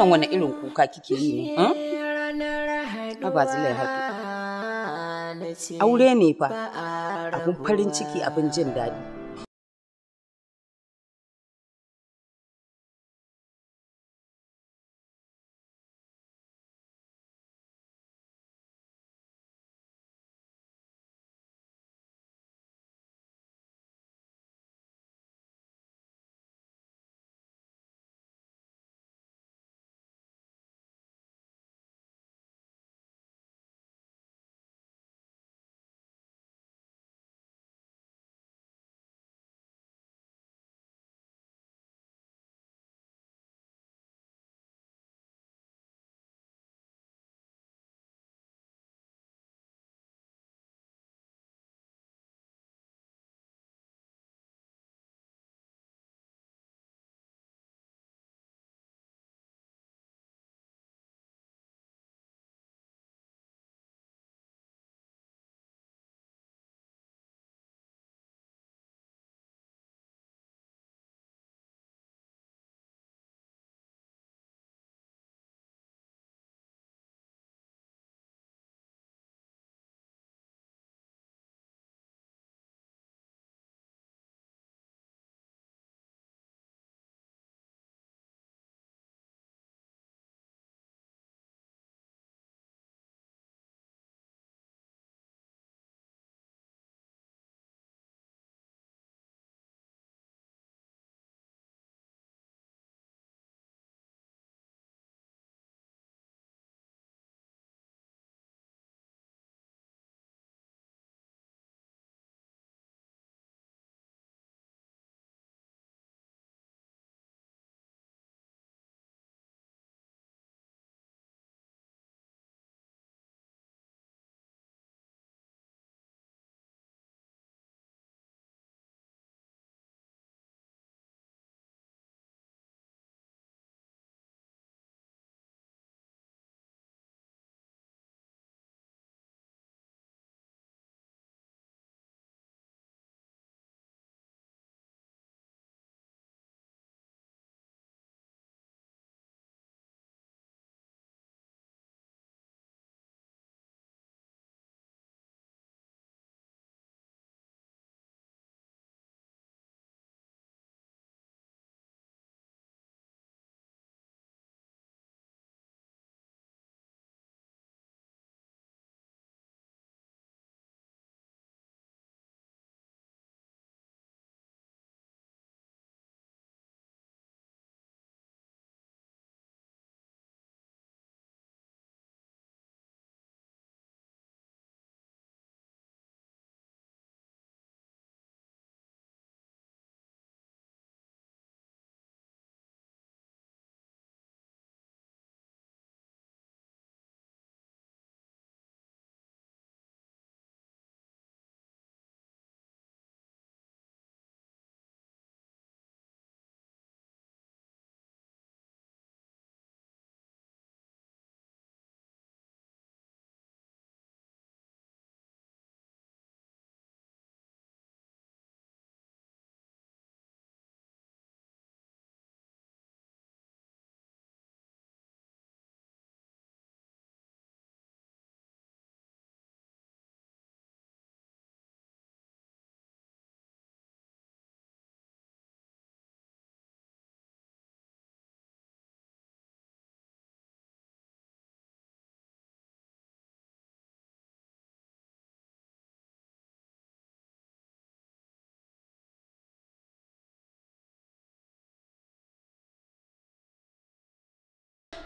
wannan wani irin kuka kike yi ne ba zilai haɗu aure ne fa abin farin ciki abin jin daɗi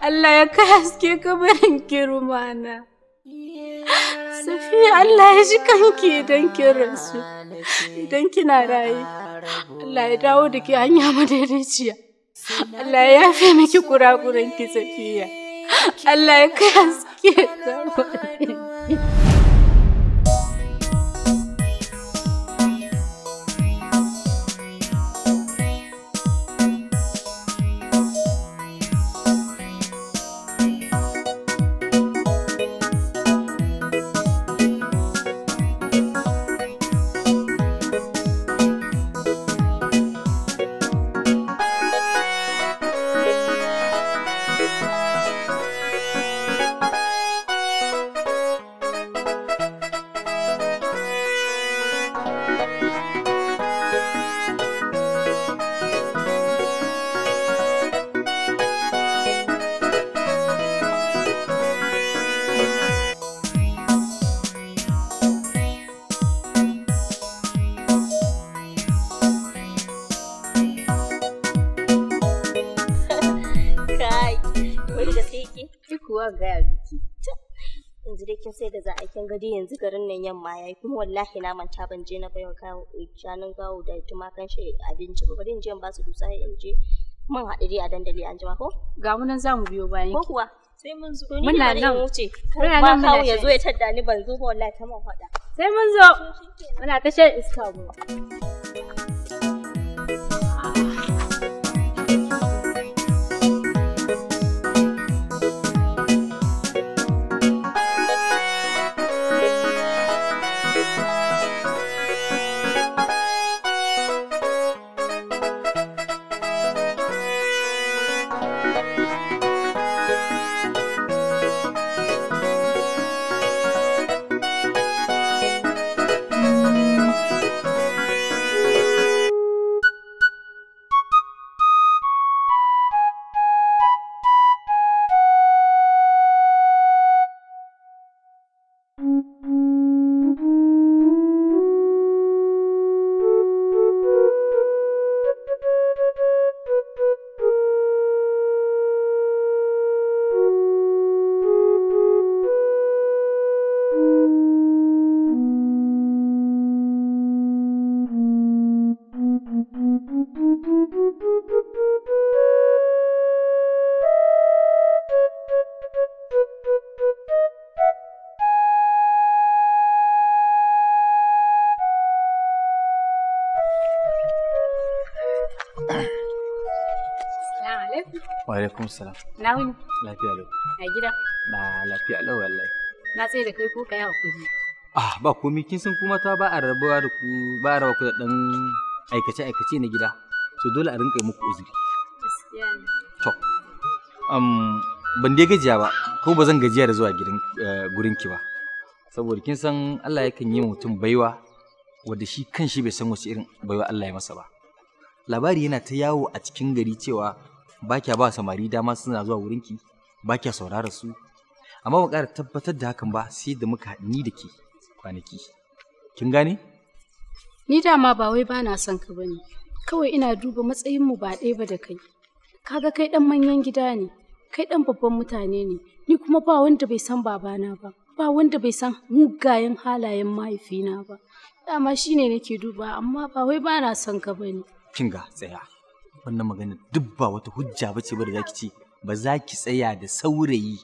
Allah ya ka haske kabarin kirmana. Safiya Allah ya ji kanki don kin rasu, idan kina raye. Allah ya dawo da ke hanya madaidaiciya. Allah ya fi miki kurakuranki Safiya. Allah ya ka haske kabarin. kowa ya biki yanzu dai kin sai da za a kin gadi yanzu garin nan yamma ya yi kuma wallahi na manta ban je na bayan kawo shanun gawo da tumakan shi abinci ba bari in je ba su dusa in je mun haɗu dai a dandali an jima ko ga mu nan zamu biyo bayan ko kuwa sai mun zo ni muna nan wuce ba nan ya zo ya tadda ni ban zo ba wallahi ta mun faɗa sai mun zo muna ta shan iska mu Wa salam. Na wuni. Lafiya lau. A gida. Ba lafiya lau wallahi. Na tsaye da kai ko kai hakuri. Ah ba komai kin san kuma ta ba a rabuwa da ku ba a ku da dan aikace aikace na gida. So dole a rinka muku uzuri. Gaskiya ne. To. Um, ban dai gajiya ba ko ba zan gajiya da zuwa gidan eh, ki ba. Saboda kin san Allah yakan yi mutum baiwa wanda shi kan shi bai san wasu irin baiwa Allah ya masa ba. Labari yana ta yawo a cikin gari cewa ba kya ba samari dama suna zuwa wurinki ba kya saurara su amma ba ƙara tabbatar da hakan ba sai da muka ni da ke kwanaki kin gane ni dama ba wai ba na son ka bane kawai ina duba matsayinmu ba ɗaya ba da kai kaga kai ɗan manyan gida ne kai ɗan babban mutane ne ni kuma ba wanda bai san babana ba ba wanda bai san mugayen halayen mahaifina ba dama shine nake duba amma ba wai ba na son ka bane ga tsaya wannan magana duk ba wata hujja ba ce ba da za ki ce ba za ki tsaya da saurayi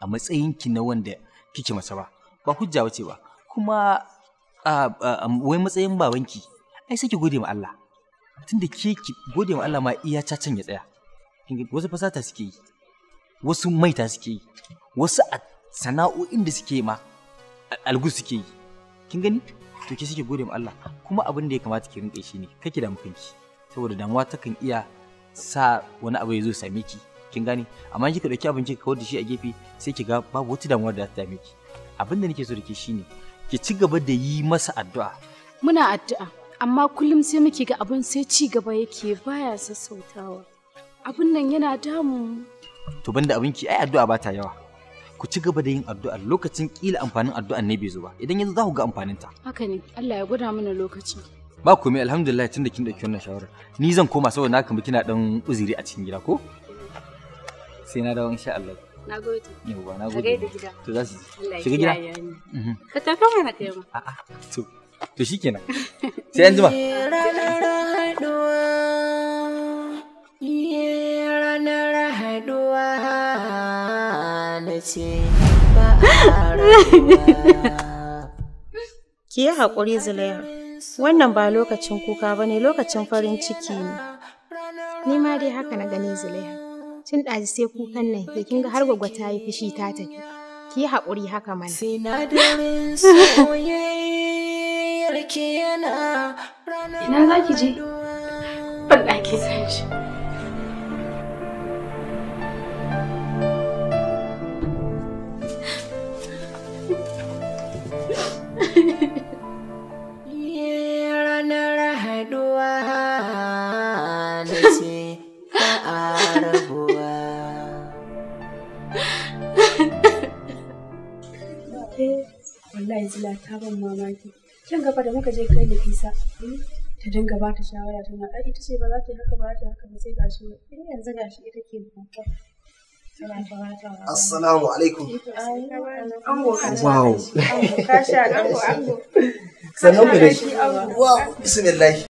a matsayinki na wanda kike masa ba ba hujja ba ce ba kuma wai matsayin babanki ai sai ki gode ma Allah tunda ke ki gode ma Allah ma iya cacan ya tsaya wasu fasata suke yi wasu maita suke yi wasu a sana'o'in da suke ma algu suke yi kin gani to ke suke gode ma Allah kuma abin da ya kamata ki rinƙe shi ne kake da mutunci saboda damuwa takan iya sa wani abu ya zo same ki kin gane amma kika dauki abin ka kawar da shi a gefe sai ki ga babu wata damuwa da ta dame ki abin da nake so da ke shine ki ci gaba da yi masa addu'a muna addu'a amma kullum sai muke ga abin sai ci gaba yake baya sassautawa abin nan yana damu to banda abin ki ai addu'a ba ta yawa ku ci gaba da yin addu'a lokacin kila amfanin addu'an ne bai zo ba idan yanzu za ku ga amfanin ta haka ne Allah ya gwada mana lokaci ba komai alhamdulillah tunda kin dauki wannan shawara ni zan koma saboda naka kama kina dan uzuri a cikin gida ko sai na dawo insha Allah nagode yawa nagode da gida to za su shiga gida mhm. ka tafi mana kai mu a'a to to shikenan sai an jima ranar na ce ba a ki yi haƙuri zulayar. Wannan ba lokacin kuka ba ne lokacin farin ciki ne. Ni ma dai haka na gani Zulaiha. Tun ɗazi sai kukan nan ke kin ga har gwagwa ta yi fushi ta tafi. Ki yi haƙuri haka mana. Sinadarin Ina za ki je? Ban ɗaki san shi. eh wallahi zila ta ban mamaki kyan gaba da muka je kai nafisa hmm, ta dinga ba ta shawara tana ai ita ce ba za ta yi haka ba ta haka ba sai gashi in eh, yanzu gashi ita ke buƙatar Assalamu alaikum. Wow. Sannan ku da shi. Wow, bismillah.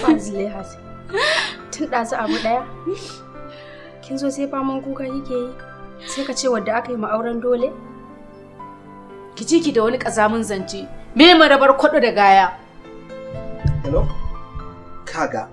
Fazile Tun ɗazu abu ɗaya. Kin zo sai faman kuka kike yi. Sai ka ce wadda aka yi ma auren dole? Ki ci ki da wani ƙazamin zance. Me marabar kwaɗo da gaya? Hello? Kaga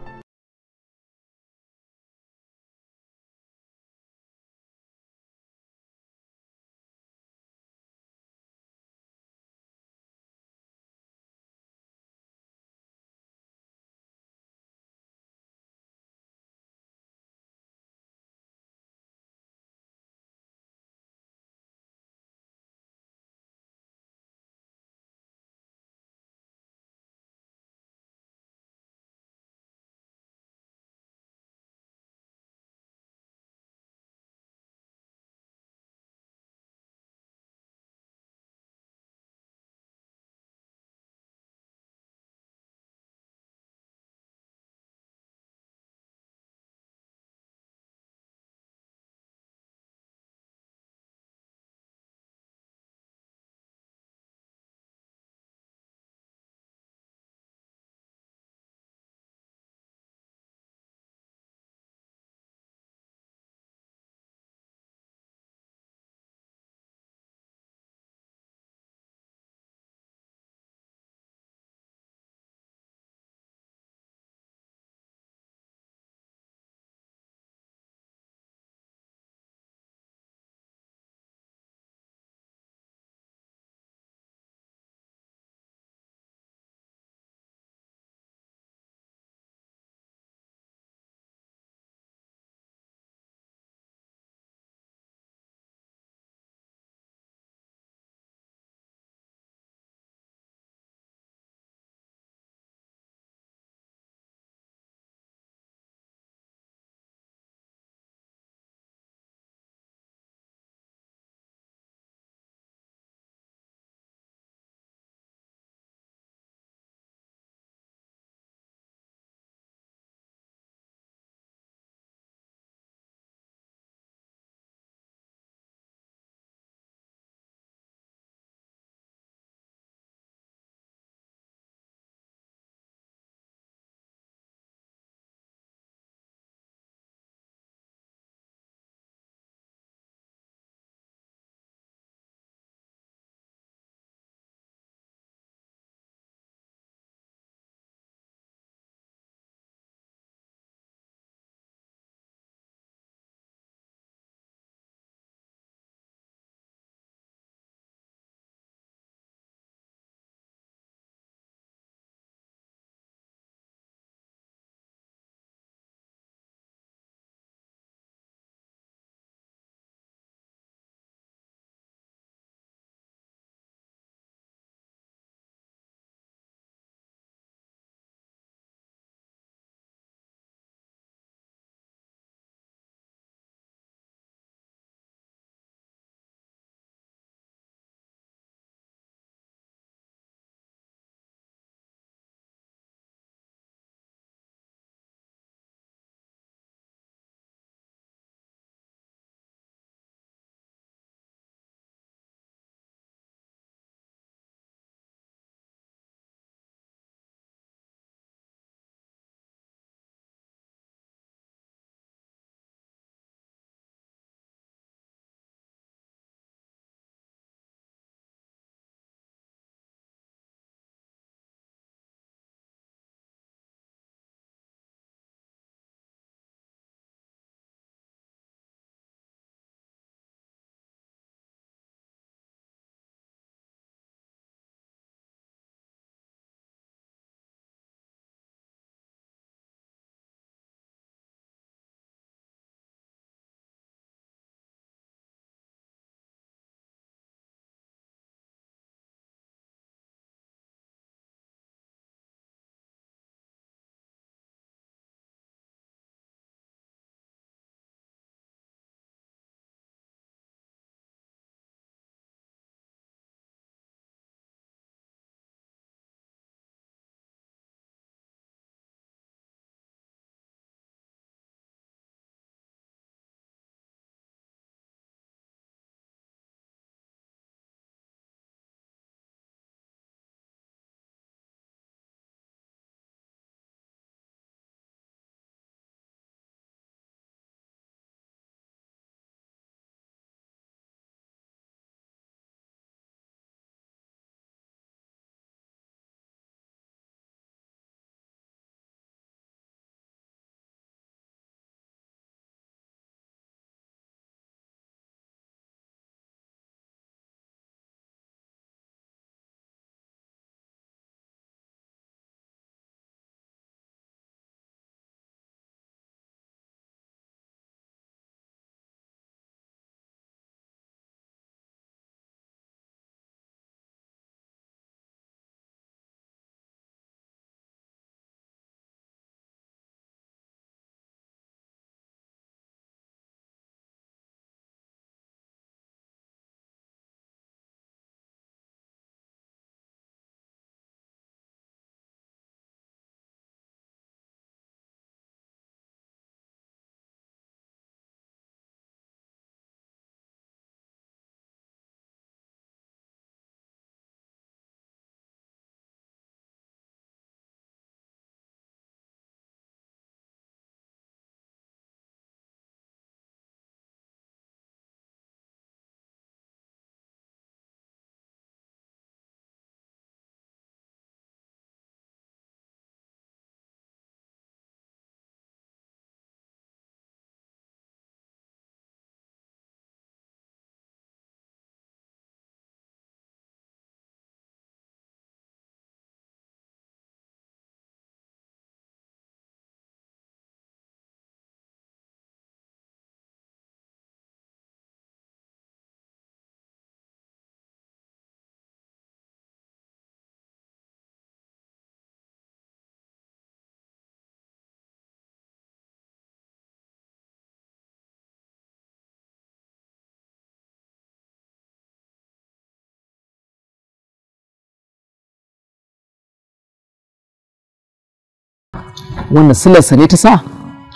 wannan silarsa ne ta sa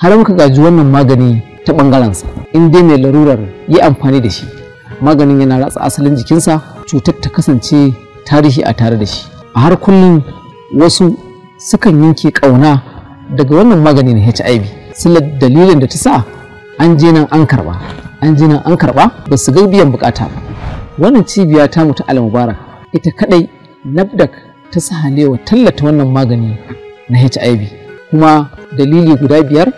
har muka gaji wannan magani ta ɓangarensa in dai mai larurar yi amfani da shi maganin yana ratsa asalin jikinsa cutar ta kasance tarihi a tare da shi a har kullum wasu sukan yanke ƙauna daga wannan magani na hiv silar dalilin da ta sa an je nan an karɓa an je nan an karɓa ba su ga biyan bukata ba wannan cibiya ta mutu al mubarak ita kadai Nabdak ta sahalewa tallata wannan magani na hiv kuma dalili guda biyar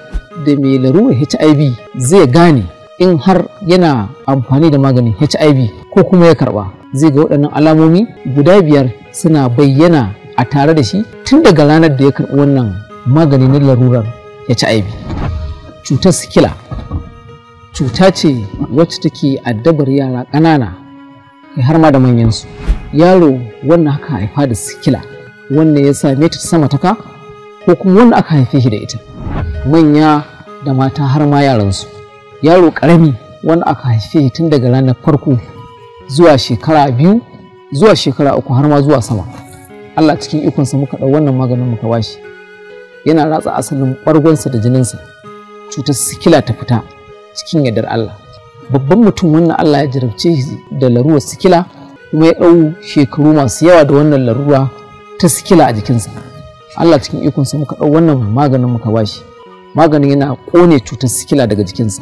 da mai larura hiv zai gane in har yana amfani da maganin hiv ko kuma ya karba zai ga waɗannan alamomi guda biyar suna bayyana a tare da shi tun daga ranar da ya karɓi wannan magani na larurar hiv cutar sikila cuta ce wacce take addabar yara ƙanana kai har ma da manyansu yaro wannan haka haifa da sikila wannan ya same ta sama ta ka ko kuma wanda aka haife shi da ita manya da mata har ma yaransu yaro karami wanda aka haife shi tun daga ranar farko zuwa shekara biyu zuwa shekara uku har ma zuwa sama Allah cikin ikonsa muka ɗau wannan maganin muka bashi yana ratsa asalin ɓargonsa da jinin jininsa cutar sikila ta fita cikin yardar Allah babban mutum wannan Allah ya jarabce shi da laruwar sikila kuma ya ɗau shekaru masu yawa da wannan larura ta sikila a jikinsa Allah cikin ikonsa muka ɗau wannan maganin muka bashi maganin yana kone cutar sikila daga jikinsa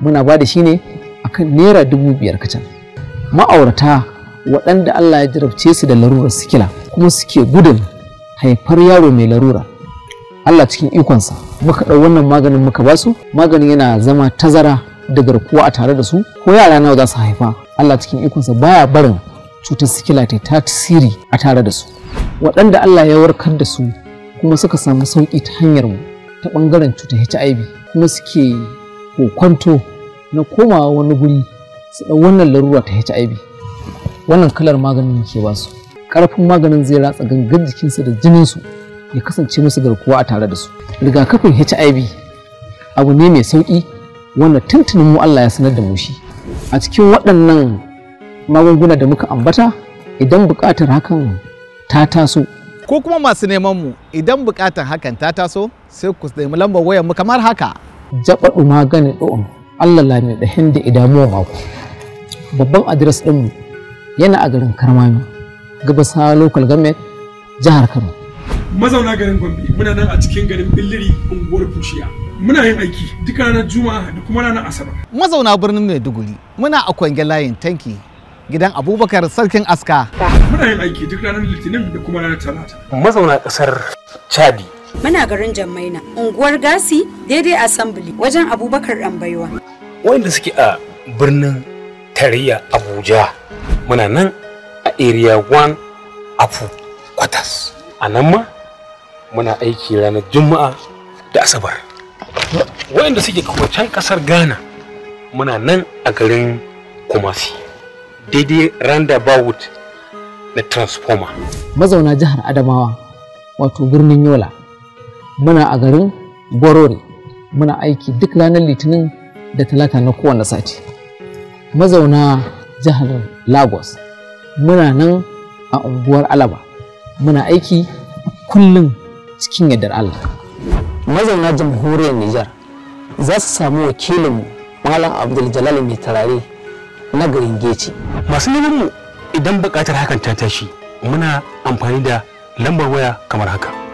muna ba da shi ne akan naira dubu biyar kacan ma'aurata waɗanda Allah ya jarabce su da larurar sikila kuma suke gudun haifar yaro mai larura Allah cikin ikonsa muka ɗau wannan maganin muka ba su maganin yana zama tazara da garkuwa a tare da su ko yara nawa za su haifa Allah cikin ikonsa baya barin cutar sikila ta tasiri a tare da su waɗanda Allah ya warkar da su kuma suka samu sauƙi ta hanyar mu ta ɓangaren cutar HIV kuma suke kokwanto na komawa wani guri su ɗau wannan larura ta HIV wannan kalar maganin ke ba su ƙarfin maganin zai ratsa gangan jikinsu da jinin su ya kasance musu garkuwa a tare da su rigakafin HIV abu ne mai sauƙi wanda tuntunin mu Allah ya sanar da mu shi a cikin waɗannan magunguna da muka ambata idan buƙatar hakan ta taso ko kuma masu neman mu idan bukatan hakan ta taso sai ku nemi lambar wayar mu kamar haka jaɓaɗu gane ɗo'on Allah lami da hindi ba ku babban adres ɗin mu yana a garin karmami gabasa local government jihar kano mazauna garin gombe muna nan a cikin garin billiri unguwar fushiya muna yin aiki duk ranar juma'a da kuma ranar asabar mazauna birnin maiduguri muna a kwangen layin tanki gidan abubakar sarkin aska muna yin aiki duk ranar litinin da kuma ranar talata mazauna kasar chadi muna garin jammaina unguwar gasi daidai assembly wajen abubakar baiwa. wanda suke a birnin tarayya abuja muna nan a area 1 afu kwatas a nan ma muna aiki ranar juma'a da asabar wanda suke can kasar ghana muna nan a garin kumasi daidai roundabout na transformer. Mazauna jihar Adamawa wato birnin Yola muna a garin Gwarori, muna aiki duk ranar litinin da talata na kowane sati. Mazauna jihar Lagos muna nan a unguwar Alaba muna aiki kullum cikin yadda Allah. Mazauna jamhuriyar Nijar za su samu wakilinmu Malam Abdul Jalal mai tarare na garin geci masu neman mu idan buƙatar hakan ta tashi muna amfani da lambar waya kamar haka